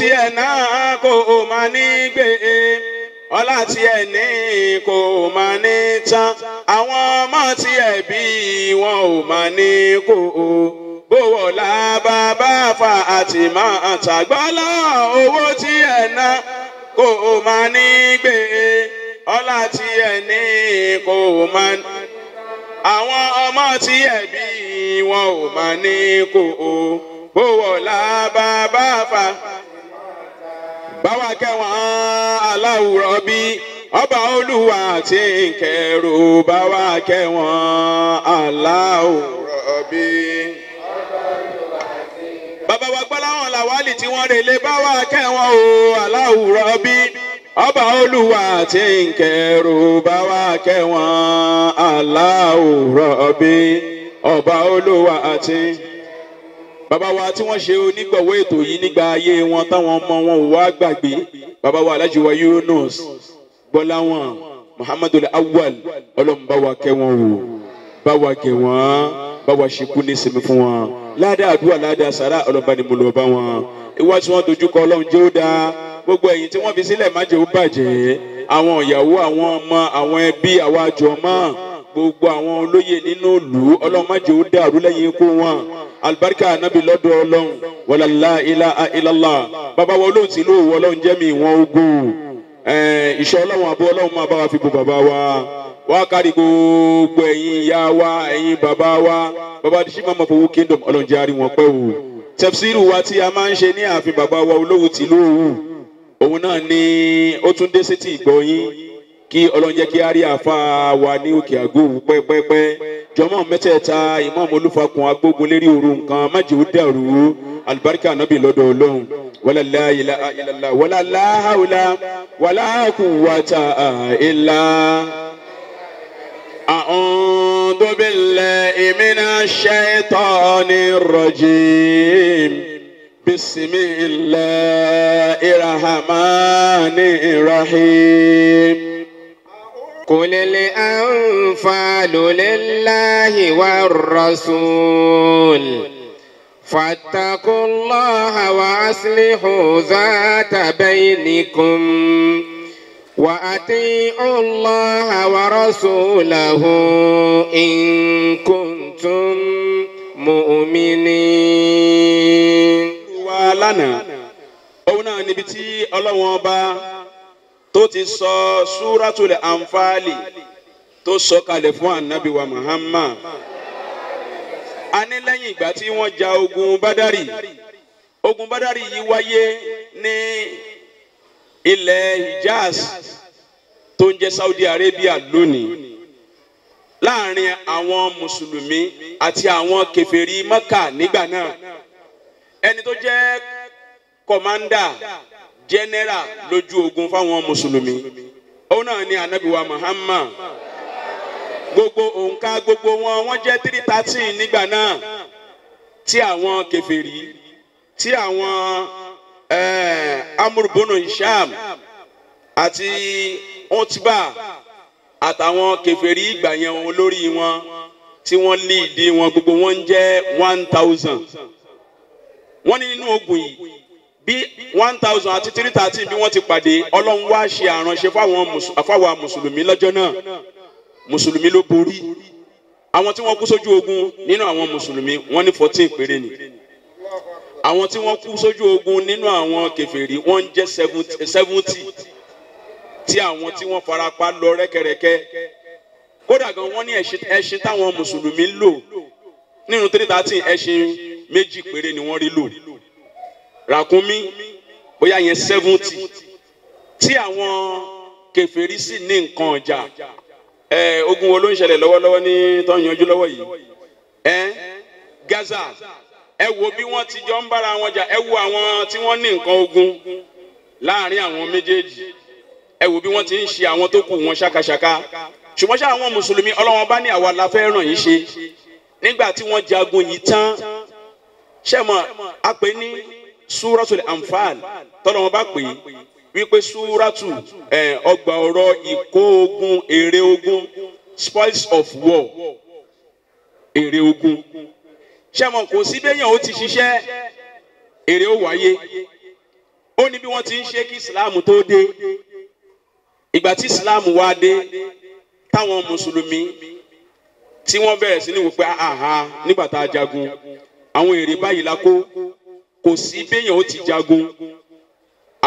tiẹ̀ náà kò máa ní gbé e ọlá tiẹ̀ ní kò máa ní tán àwọn ọmọ tiẹ̀ bí wọn ò máa ní kó o bówó làbá bá fa àtìmọ́ àtàgbọ́lá owó tiẹ̀ náà kò máa ní gbé e ọlá tiẹ̀ ní kò máa ní àwọn ọmọ tiẹ̀ bí wọn ò máa ní kó o bówó làbá bá fa báwa kẹwọn aláwùrọ bí ọba olúwa tí ń kẹrù báwa kẹwọn aláwùrọ bí. bàbá wa gbọ́ láwọn làwálì tí wọ́n relé báwa kẹwọn o aláwùrọ bí ọba olúwa tí ń kẹrù báwa kẹwọn aláwùrọ bí ọba olúwa tí ń bàbá wa tí wọ́n ṣe onígbọ̀wọ́ ètò yìí nígbà ayé wọn táwọn ọmọ wọn ò wá gbàgbé bàbá wa alájú wa Yunus Gbọ́láwọn Muhammadu Awwal ọlọ́run bá wa kẹ́ wọn wò bá wa kẹ́ wọn bá wa ṣekú ní sinmi fún wọn ládàá àdúrà ládàá sàrà ọlọ́run bá ní mo lọ bá wọn ìwà tí wọ́n dojú kọ ó dáa gbogbo ẹ̀yin tí wọ́n fi sílẹ̀ má jẹ́ ó bàjẹ́ àwọn ìyàwó àwọn ọmọ àwọn ẹbí àwọn àjọ gbogbo àwọn olóyè nínú ìlú ọlọ́mọdé ó dàrú lẹ́yìn ikú wọn alibarika anabi lọ́dọ̀ ọlọ́run wàlálà ilà ilàlá bàbá wọn olóhùn tí ló wọ ọlọ́run jẹ́mi ìwọ̀n ogun ìṣọ́ ọlọ́run àbọ̀ ọlọ́run máa bá wa fi bo bàbá wa wá kárí gbogbo ẹ̀yin ìyá wa ẹ̀yin bàbá wa bàbá adisi mama fowó kingdom ọlọ́run jẹ́ àrí wọn pẹ́ wò tẹ̀síìrù wa tí a máa ń ṣe ní ààfin bàbá wa olówó tìlú òwú òun náà ni ó tún dé sétí ìgbọ́ yín kí ọlọ́run jẹ́ kí á rí àfa wa ní òkè àgó pẹ́pẹ́pẹ́ jọmọ́ mẹ́tẹ̀ẹ̀ta ìmọ̀ọ́mọ́ olúfakùn agbógun lérí òru nǹkan májè ó dàrú alibarika anabi lọ́dọ̀ ọlọ́run wàlá láyìlá àìlàlá wàlá láhàwìlá wàlá kùwàtà àìlà. أعوذ بالله من الشيطان الرجيم بسم الله الرحمن الرحيم قل الأنفال لله والرسول فاتقوا الله وأصلحوا ذات بينكم وأطيعوا الله ورسوله إن كنتم مؤمنين. wàhálà náà òun náà níbi tó ti sọ súratul anfali tó sọ kalẹ̀ fún anabi wa muhammad anilẹ́yìn ìgbà tí wọ́n ja ogun bádàrí ogun bádàrí yìí wáyé ní ilẹ̀ hijaz tó ń jẹ́ saudi arabia lónìí láàrin àwọn mùsùlùmí àti àwọn kèfèrí mọ́kà nígbà náà ẹni tó jẹ́ kọ̀mándà jẹnẹra lójú ogun fáwọn mùsùlùmí òun náà ni anabiwa muhammad gbogbo òǹkà gbogbo wọn wọn jẹ three thirteen nígbà náà tí àwọn kèfèrí tí àwọn eh, amúrúbónú isham àti ontiba àtàwọn kèfèrí ìgbà yẹn wọn lórí wọn tí wọn lé ìdí wọn gbogbo wọn jẹ one thousand wọn ní inú ogun yìí bí one thousand àti three thirteen bí wọ́n ti pàdé ọlọ́run wá ṣe àránṣe fáwọn mùsùlùmí lọ́jọ́ náà mùsùlùmí ló borí àwọn tí wọ́n kú sójú ogun nínú àwọn mùsùlùmí wọ́n ní fourteen péré ni àwọn tí wọ́n kú sójú ogun nínú àwọn kèfèrí wọ́n ń jẹ́ seventy tí àwọn tí wọ́n farapa lọ rẹ́kẹrẹ́kẹ́ kódà gan wọ́n ní ẹṣin táwọn mùsùlùmí lò nínú three thirteen ẹṣin méjì péré ni wọ́n rí lò ràkúnmí bóyá yẹn seventy tí àwọn kèfèrí sì ní nǹkan ọjà ẹ ogun wo ló ń ṣẹlẹ̀ lọ́wọ́lọ́wọ́ ní tó lọ́wọ́ yìí ẹ Gaza ẹ wo bí wọ́n ti jọ ń bára wọn jà ẹ wo àwọn tí wọ́n ní nǹkan ogun láàrin àwọn méjèèjì ẹ wo bí wọ́n ti ń ṣe àwọn tó kù wọn ṣàkàṣàkà ṣùgbọ́n ṣá àwọn mùsùlùmí ọlọ́wọ́n bá ní àwa la fẹ́ ràn yín ṣe nígbà tí wọ́n jagun yìí tán ṣẹ́mọ̀ a ní súrátù anfal tọ́lọ́ wọn bá pè é wípé súrátù ọgbà ọ̀rọ̀ ìkó ogun èrè ogun spoils of war èrè ogun ṣé mo kò sí bẹ́yàn ó ti ṣiṣẹ́ èrè ó wáyé ó ní bí wọ́n ti ń ṣe kí islam tó dé ìgbà tí islam wá dé táwọn mùsùlùmí tí wọ́n bẹ̀rẹ̀ sí ni wò pé àhà nígbà tá a jagun àwọn èrè báyìí la kó kò sí béèyàn ó ti jagun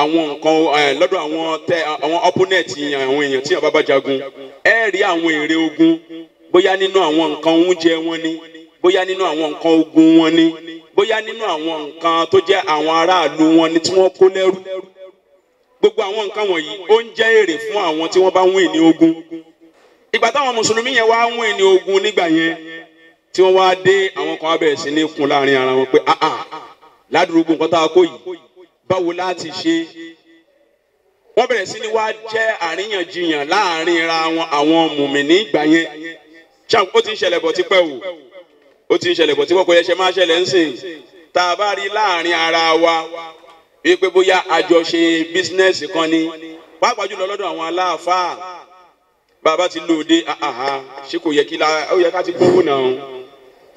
àwọn nǹkan lọ́dọ̀ àwọn tẹ àwọn opponent yẹn àwọn èèyàn tí yàn bá bá jagun ẹ rí àwọn èrè ogun bóyá nínú àwọn nǹkan oúnjẹ wọn ni bóyá nínú àwọn nǹkan ogun wọn ni bóyá nínú àwọn nǹkan tó jẹ́ àwọn aráàlú wọn ni tí wọ́n kó lẹ́rú gbogbo àwọn nǹkan wọ̀nyí ó ń jẹ́ èrè fún àwọn tí wọ́n bá wín ní ogun ìgbà táwọn mùsùlùmí yẹn wá wín ní ogun nígbà yẹn tí wọ́n wá dé àwọn kan abẹ̀rẹ̀ sí ní kun láàrin ara wọn pé ah ah ládùúgbò nǹkan tá a kó yìí báwo láti ṣe wọ́n bẹ̀rẹ̀ sí ni wá jẹ́ àríyànjiyàn láàrin ra àwọn mùmìnì ìgbà yẹn ṣáà ó ti ń ṣẹlẹ̀ bọ̀ tipẹ́ o ó ti ń ṣẹlẹ̀ bọ̀ tipẹ́ kò yẹ ṣe máa ṣẹlẹ̀ ń sìn tá a bá rí láàrin ara wa wípé bóyá àjọṣe bísínẹ́sì kan ni pàápàá jùlọ lọ́dọ̀ àwọn aláàfáà bàbá ti lóde àhà ṣé kò yẹ kí la ó yẹ ká ti gbówó náà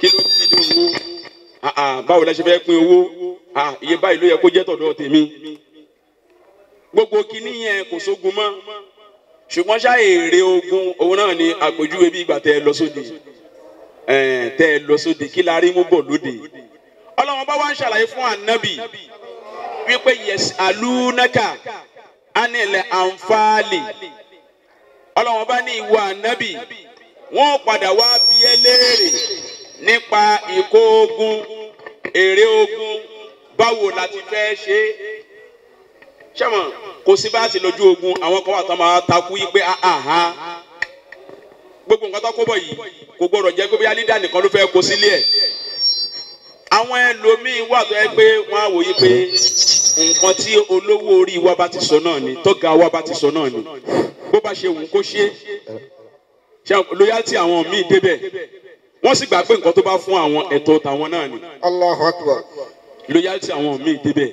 kí ló ti di owó. Ah, ah, báwo lẹ ṣe fẹ́ pín owó ah, iye báyìí ló yẹ kó jẹ́ tọ̀dọ̀ tèmi gbogbo kinní yẹn kò sógun mọ́ ṣùgbọ́n ṣá èrè ogun òun náà ni àpèjúwe bí ìgbà tẹ ẹ lọ sóde tẹ ẹ lọ sóde kí la rí mú bọ̀ lóde ọlọ́run bá wá ń ṣàlàyé fún ànábì wípé yẹs alúnákà anilẹ̀ ànfààlì ọlọ́run bá ní ìwọ ànábì wọ́n padà wá bi ẹ́ léèrè nípa ìkó ogun èrè ogun báwo la ti fẹ́ ṣe é ṣẹ́mọ̀ kò sí bá lójú ogun àwọn kan wà tán máa takú yí pé aha ah, ah. gbogbo nǹkan tó kó bọ̀ yìí kò gbọdọ̀ jẹ́ pé bí alídà nìkan ló fẹ́ kó sílé ẹ̀ àwọn ẹlòmíín wà tó yẹ pé wọ́n á wòye pé nǹkan tí olówó orí wa bá ti sọ náà ni tó ga wa bá ti sọ náà ni bó bá ṣe wù kó ṣe lóyàtì àwọn míín débẹ̀ wọ́n sì gbà pé nǹkan tó bá fún àwọn ẹ̀tọ́ tàwọn náà ni. Allahu Akbar. loyalty àwọn míì débẹ̀.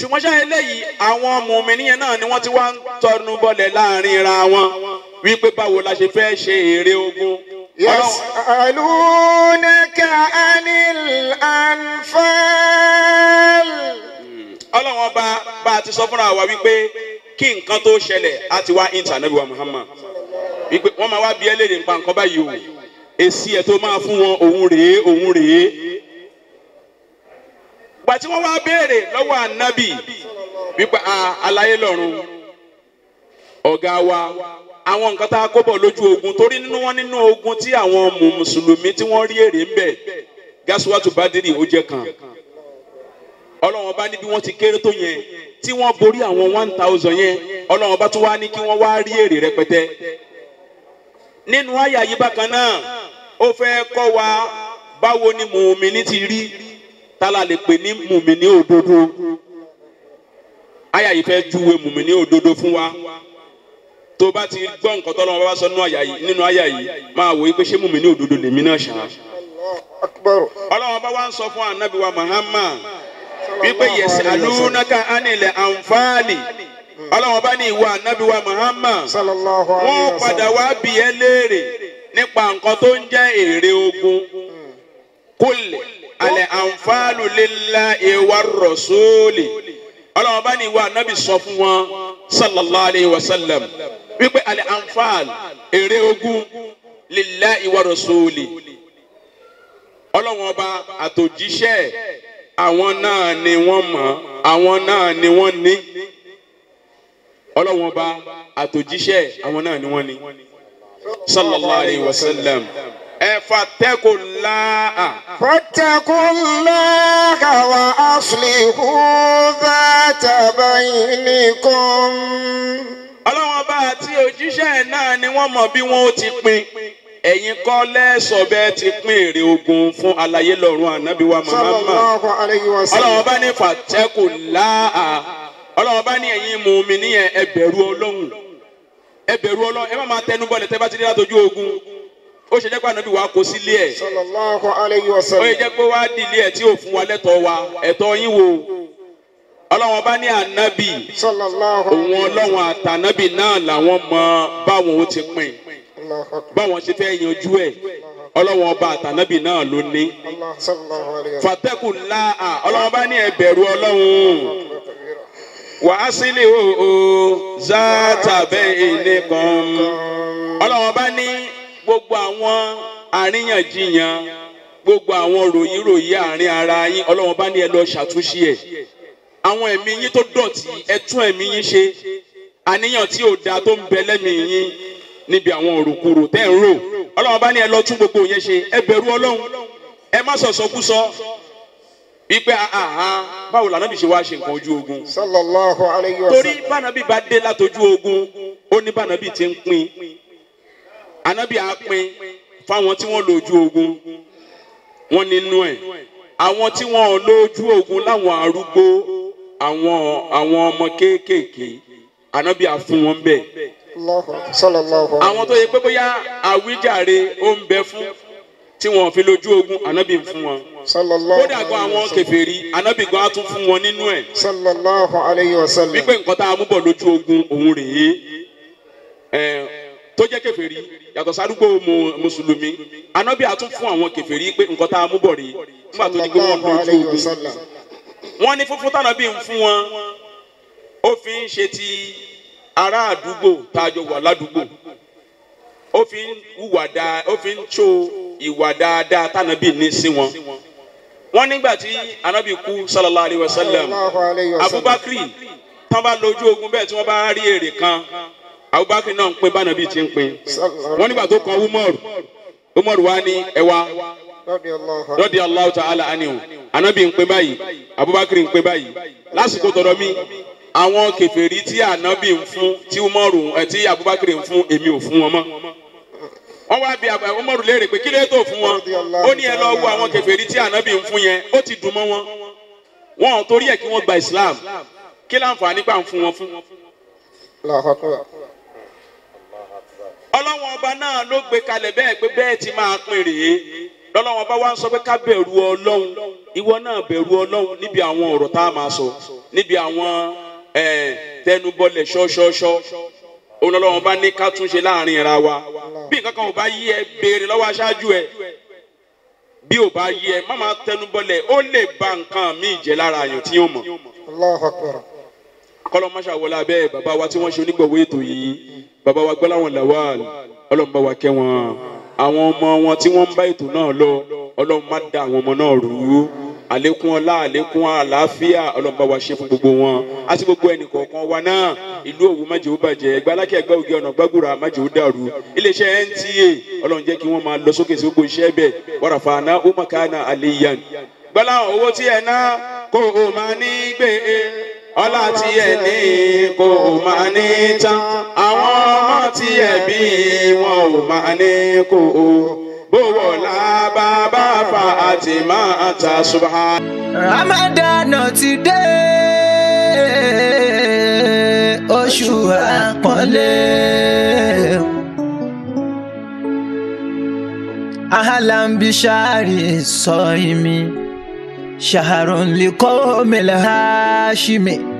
ṣùgbọ́n ṣáà eléyìí àwọn mùmíní yẹn náà ni wọ́n ti wá ń tọnu bọlẹ̀ láàrin ra wọn wípé báwo la ṣe fẹ́ ṣe èrè ogun. yas'alunaka anil anfal. ọlọ́run ọba bá a ti sọ fúnra wa wípé kí nǹkan tó ṣẹlẹ̀ á ti wá intanet wa Muhammad wípé wọ́n máa wá bí ẹlẹ́rìí nǹkan báyìí o èsì ẹ̀ tó máa fún wọn òun rèé òun rèé gbàtí wọ́n wá béèrè lọ́wọ́ ànábì gbígbà àlàyé lọ́rùn ọ̀gá wa àwọn nǹkan tá a kó bọ̀ lójú ogun torí nínú wọn nínú ogun tí àwọn mùsùlùmí tí wọ́n rí èrè ń bẹ gasuwatu badiri ó jẹ́ kan ọlọ́wọ́n bá ní bí wọ́n ti kéré tó yẹn tí wọ́n borí àwọn one thousand yẹn ọlọ́wọ́n bá tún wá ní kí wọ́n wá rí èrè rẹpẹtẹ nínú àyà yìí bákan náà ó fẹ́ kọ́ wa báwo ni mùmíní ti rí tálà lè pè ní mùmíní òdodo àyà yìí fẹ́ júwe mùmíní òdodo fún wa tó bá ti gbọ́ nǹkan tó lọ́wọ́ bá sọ nínú àyà yìí máa wòye pé ṣé mùmíní òdodo lèmi náà ṣàn. ọlọ́wọ́n bá wá ń sọ fún anabi wa Muhammad wípé yẹsẹ̀ alúnáka ánilẹ̀ ànfààní ọlọ́wọ́n bá ní ìwà anabi wa Muhammad wọ́n padà wá bí ẹ léèrè nípa nǹkan tó ń jẹ́ èrè ogun kul alẹ́ anfaalu lillahi war rasuli ọlọ́run bá ní ìwà anábì sọ fún wọn sallallahu alayhi wa sallam wípé alẹ́ anfaalu èrè ogun lillahi war rasuli ọlọ́run ọba àtòjíṣẹ́ àwọn náà ni wọ́n mọ̀ àwọn náà ni wọ́n ní ọlọ́run ọba àtòjíṣẹ́ àwọn náà ni wọ́n ní sallallahu alayhi wa sallam ẹ̀fàtẹ́kùnláà. fàtẹ́kùnláà wa aslihu dhata baynikum. ọlọ́wọ́n bá àti òjíṣẹ́ náà ni wọ́n mọ̀ bí wọ́n ti pín ẹ̀yin kọ́ lẹ́sọ̀ bẹ́ẹ̀ ti pín èrè ogun fún alayé lọ́rùn ànábì wa ọlọ́wọ́n bá ní fàtẹ́kùnláà ọlọ́wọ́n bá ní ẹ̀yin mùmí níyẹn ẹ bẹ̀rù Ọlọ́hun ẹ bẹ̀rù Ọlọ́run ẹ má máa tẹnu bọlẹ̀ tẹ́ bá ti dé látọjú ogun ó ṣe jẹ́ pé ànábì wa kó sílé ẹ̀ ó ṣe jẹ́ pé wá nílé ẹ̀ tí ò fún wa lẹ́tọ̀ọ́ wa ẹ̀tọ́ yín wo ọlọ́wọ́n bá ní ànábì òun ọlọ́wọ́n àtànábì náà làwọn mọ báwọn ó ti pín báwọn ṣe fẹ́ yanjú ẹ̀ ọlọ́wọ́n ọba àtànábì náà ló ní fatakun láà ọlọ́wọ́n bá ní ẹ bẹ̀rù wà á sílẹ̀ o o zátàbẹ́ ilé kan ọlọ́wọ́n bá ní gbogbo àwọn àríyànjiyàn gbogbo àwọn ròyìnròyìn àárín ara yín ọlọ́wọ́n bá ní ẹ lọ ṣàtúnṣe ẹ̀ àwọn ẹ̀mí yín tó dọ̀tí ẹ tún ẹ̀mí yín ṣe àníyàn tí ò dáa tó ń bẹ lẹ́mìí yín níbi àwọn òrùkùrù tẹ́ ń rò ọlọ́wọ́n bá ní ẹ lọ tún gbogbo yẹn ṣe ẹ bẹ̀rù ọlọ́run ẹ má sọ̀sọ́kúsọ ipe ahan ah, ah, báwo la nàbì ṣe wá ṣe nǹkan ojú ogun. sallallahu alayhi wa sallam. torí bànàbì bá dé látọjú ogun ó ní bànàbì ti ń pín ànàbì á pín fáwọn tí wọ́n lójú ogun wọ́n nínú ẹ̀ àwọn tí wọ́n lójú ogun láwọn arúgbó àwọn àwọn ọmọ kéékèèké ànàbì á fún wọn bẹ́ẹ̀. sallallahu. àwọn tó yẹ pé bóyá àwíjàre ó ń bẹ fún tí wọn fi lójú ogun anabi fún wọn. sallallahu alayhi wa sallam. kódà gan àwọn kèfèrí anabi gan atún fún wọn nínú ẹ. sallallahu alayhi wa sallam. wípé nǹkan tá a mú bọ̀ lójú ogun òun rèé ẹ tó jẹ́ kèfèrí yàtọ̀ sádùúgbò mùsùlùmí anabi atún fún àwọn kèfèrí pé nǹkan tá a mú bọ̀ rèé nígbà tó di pé wọ́n lójú ogun. wọ́n ní fúnfún tànàbí ń fún wọn ó fi ń ṣe ti ará àdúgbò tá a jọ wà ládùúgbò ó fi ń hùwà dáa ó fi ń tso ìwà dáadáa tánàbí ní sí wọn wọn nígbà tí anabi kú sallallahu alayhi wa sallam abubakar tán bá lójú ogun bẹ́ẹ̀ tí wọ́n bá rí èrè kan abubakar náà ń pin bánabi ti ń pin wọn nígbà tó kan umar umar wa ní ẹwà lọ́dí allahu ta'ala anihu anabi ń pin báyìí abubakar ń pin báyìí lásìkò tọ̀dọ̀ mi àwọn kèfèrí tí anabi ń fún tí umar ẹ eh, tí abubakar ń fún èmi ò fún wọn mọ́ wọ́n wá bí Umaru léèrè pé kí lè tó fún wọn ó ní ẹ lọ wo àwọn kèfèrí tí ànábì ń fún yẹn ó ti dùn mọ́ wọn wọn ò torí ẹ̀ kí wọ́n gba Islam kí láǹfààní gbà ń fún wọn fún. ọlọ́wọ́n ọba náà ló gbé kalẹ̀ bẹ́ẹ̀ pé bẹ́ẹ̀ ti máa pín rèé lọ́lọ́wọ́n ọba wa ń sọ pé ká bẹ̀rù Ọlọ́run ìwọ náà bẹ̀rù Ọlọ́run níbi àwọn ọ̀rọ̀ tá a máa sọ níbi àwọn tẹnubọlẹ̀ ṣọ́ṣọ́ṣọ́ òun lọ́wọ́ bá ní ká túnṣe láàrin ara wa bí nǹkan kan ò bá yí ẹ béèrè lọ́wọ́ aṣáájú ẹ bí ò bá yí ẹ má máa tẹnubọlẹ̀ ó lè ba nǹkan míì jẹ́ lára àyàn tí yóò mọ̀. kọ́lọ́ wọlé abẹ́ bàbá wa tí wọ́n ṣe onígbọ̀wọ́ ètò yìí bàbá wa gbọ́láwọn làwàl ọlọ́run wa kẹ́ wọn àwọn ọmọ wọn tí wọ́n ń bá ètò náà lọ ọlọ́run má da àwọn ọmọ náà rú àlékún ọlá àlékún àlàáfíà ọlọ́mọba wa ṣe fún gbogbo wọn àti gbogbo ẹnì kọ̀ọ̀kan wa náà ìlú Òwu má jẹ́ ó bàjẹ́ ẹgbẹ́ alákẹ́ ẹgbẹ́ ògì ọ̀nà gbàgùrà má jẹ́ ó dàrú iléeṣẹ́ NTA ọlọ́run jẹ́ kí wọ́n máa lọ sókè sí gbogbo iṣẹ́ bẹ́ẹ̀ wàràfà àná ó má kàánà àléyàn. gbọ́lá owó tí ẹ ná kó o máa ní gbé e ọlá tí ẹ ní kó o máa ní tán àwọn ọmọ tí ẹ bí wọn ò máa ní kó o bówó làbá bá fa àti máa ta ṣubá. Ramadan ti dé oṣù àpọ́nlé. أهلا بشهر الصائم شهر لقوم الهاشمي